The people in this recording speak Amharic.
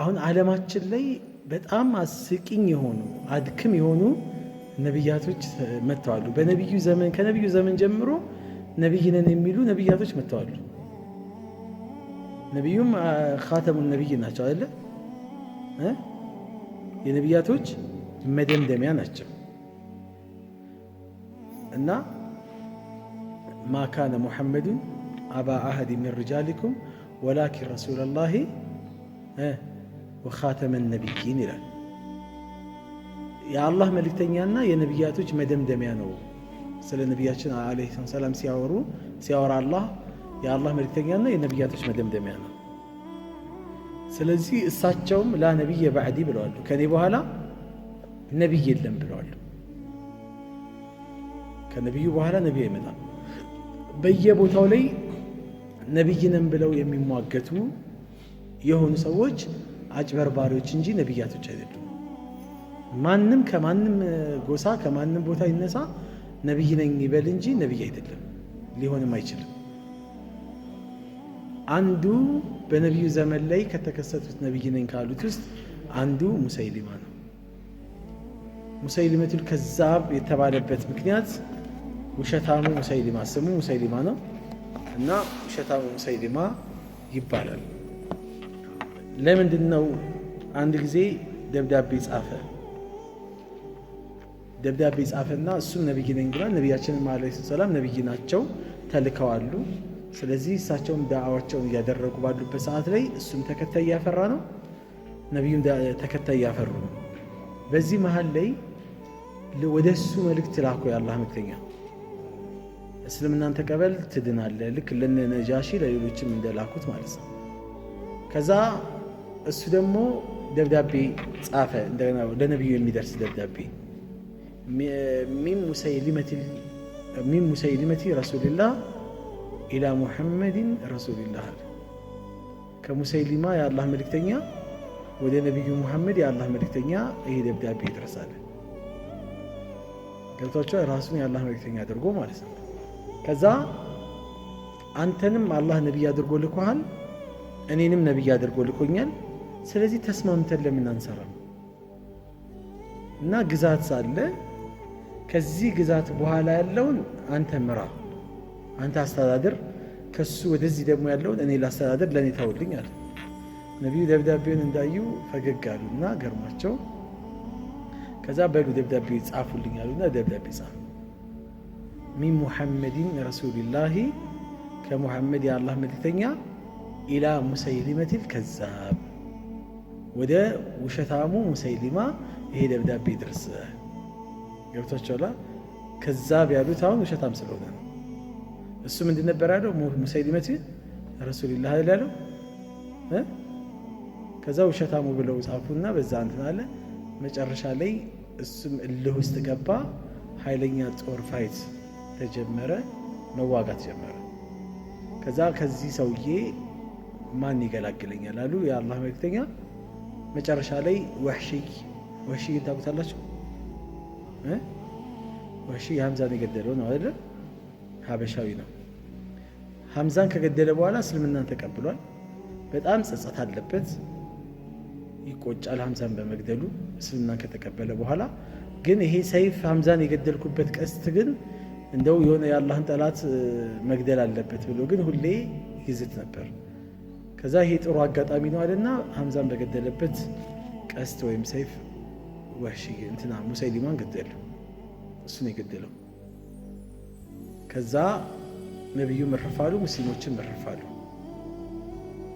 አሁን ዓለማችን ላይ በጣም አስቂኝ የሆኑ አድክም የሆኑ ነቢያቶች መጥተዋሉ። በነቢዩ ዘመን ከነቢዩ ዘመን ጀምሮ ነቢይ ነን የሚሉ ነቢያቶች መጥተዋሉ። ነቢዩም ካተሙ ነቢይ ናቸው አለ። የነቢያቶች መደምደሚያ ናቸው እና ማካነ ሙሐመዱን አባ አህድ ምን ሪጃሊኩም ወላኪን ረሱላ ላሂ ወኻተመ ነቢይን ይላል። የአላህ መልእክተኛና የነቢያቶች መደምደሚያ ነው። ስለ ነቢያችን ዓለይሂ ሰላም ሲያወሩ ሲያወራ አላህ የአላህ መልእክተኛና የነቢያቶች መደምደሚያ ነው። ስለዚህ እሳቸውም ላ ነቢየ ባዕዲ ብለዋሉ። ከኔ በኋላ ነቢይ የለም ብለዋሉ። ከነቢዩ በኋላ ነቢይ አይመጣም። በየቦታው ላይ ነቢይ ነን ብለው የሚሟገቱ የሆኑ ሰዎች አጭበርባሪዎች እንጂ ነቢያቶች አይደሉም። ማንም ከማንም ጎሳ ከማንም ቦታ ይነሳ ነቢይ ነኝ ይበል እንጂ ነቢይ አይደለም፣ ሊሆንም አይችልም። አንዱ በነቢዩ ዘመን ላይ ከተከሰቱት ነቢይ ነኝ ካሉት ውስጥ አንዱ ሙሰይሊማ ነው። ሙሰይሊመቱል ከዛብ የተባለበት ምክንያት ውሸታሙ ሙሰይሊማ ስሙ ሙሰይሊማ ነው እና ውሸታሙ ሙሰይሊማ ይባላል። ለምንድን ነው አንድ ጊዜ ደብዳቤ ጻፈ። ደብዳቤ ጻፈና እሱም ነቢይ ነኝ ብሏል። ነቢያችንም ዓለይሂ ሰላም ነቢይ ናቸው፣ ተልከዋሉ። ስለዚህ እሳቸውም ዳዕዋቸውን እያደረጉ ባሉበት ሰዓት ላይ እሱም ተከታይ እያፈራ ነው፣ ነቢዩም ተከታይ እያፈሩ ነው። በዚህ መሀል ላይ ወደ እሱ መልእክት ላኩ። የአላህ መልክተኛ እስልምናን ተቀበል ትድናለህ፣ ልክ ለነ ነጃሺ ለሌሎችም እንደላኩት ማለት ነው። ከዛ እሱ ደግሞ ደብዳቤ ጻፈ። እንደገና ለነቢዩ የሚደርስ ደብዳቤ ሚን ሙሰይሊመቲ ረሱልላህ ኢላ ሙሐመድን ረሱልላህ ከሙሰይሊማ የአላህ መልክተኛ ወደ ነቢዩ ሙሐመድ የአላህ መልክተኛ ይሄ ደብዳቤ ይደርሳል። ገብቷቸው ራሱን የአላህ መልክተኛ አድርጎ ማለት ነው። ከዛ አንተንም አላህ ነቢይ አድርጎ ልኮሃል፣ እኔንም ነቢይ አድርጎ ልኮኛል ስለዚህ ተስማምተን ለምን አንሰራም? እና ግዛት ሳለ ከዚህ ግዛት በኋላ ያለውን አንተ ምራ፣ አንተ አስተዳድር፣ ከሱ ወደዚህ ደግሞ ያለውን እኔ ላስተዳድር፣ ለእኔ ታውልኝ አለ። ነቢዩ ደብዳቤውን እንዳዩ ፈገግ አሉና ገርማቸው። ከዛ በሉ ደብዳቤ ጻፉልኝ አሉና ደብዳቤ ጻፉ። ሚን ሙሐመድን ረሱልላሂ ከሙሐመድ የአላህ መልክተኛ ኢላ ሙሰይሊመትል ከዛብ ወደ ውሸታሙ ሙሰይሊማ ይሄ ደብዳቤ ድረስ ገብቶቻላ። ከዛ ቢያሉት አሁን ውሸታም ስለሆነ ነው። እሱ ምንድን ነበር ያለው? ሙሰይሊመት ረሱልላህ ያለው ከዛ ውሸታሙ ብለው ጻፉና በዛ እንትን አለ። መጨረሻ ላይ እሱም እልህ ውስጥ ገባ። ኃይለኛ ጦር ፋይት ተጀመረ፣ መዋጋት ጀመረ። ከዛ ከዚህ ሰውዬ ማን ይገላግለኛል አሉ የአላህ መልክተኛ መጨረሻ ላይ ወሕሽይ ግን ታውቁታላችሁ? ወሕሽይ ሀምዛን የገደለው ነው አይደለ? ሀበሻዊ ነው። ሀምዛን ከገደለ በኋላ እስልምናን ተቀብሏል። በጣም ጸጸት አለበት፣ ይቆጫል ሀምዛን በመግደሉ እስልምናን ከተቀበለ በኋላ ግን ይሄ ሰይፍ ሀምዛን የገደልኩበት ቀስት ግን እንደው የሆነ የአላህን ጠላት መግደል አለበት ብሎ ግን ሁሌ ይዝት ነበር። ከዛ ይሄ ጥሩ አጋጣሚ ነው አለና ሐምዛን በገደለበት ቀስት ወይም ሰይፍ ወሽ እንትና ሙሰይሊማን ገደለ። እሱ ነው የገደለው። ከዛ ነቢዩ መርፋሉ፣ ሙስሊሞችን መርፋሉ።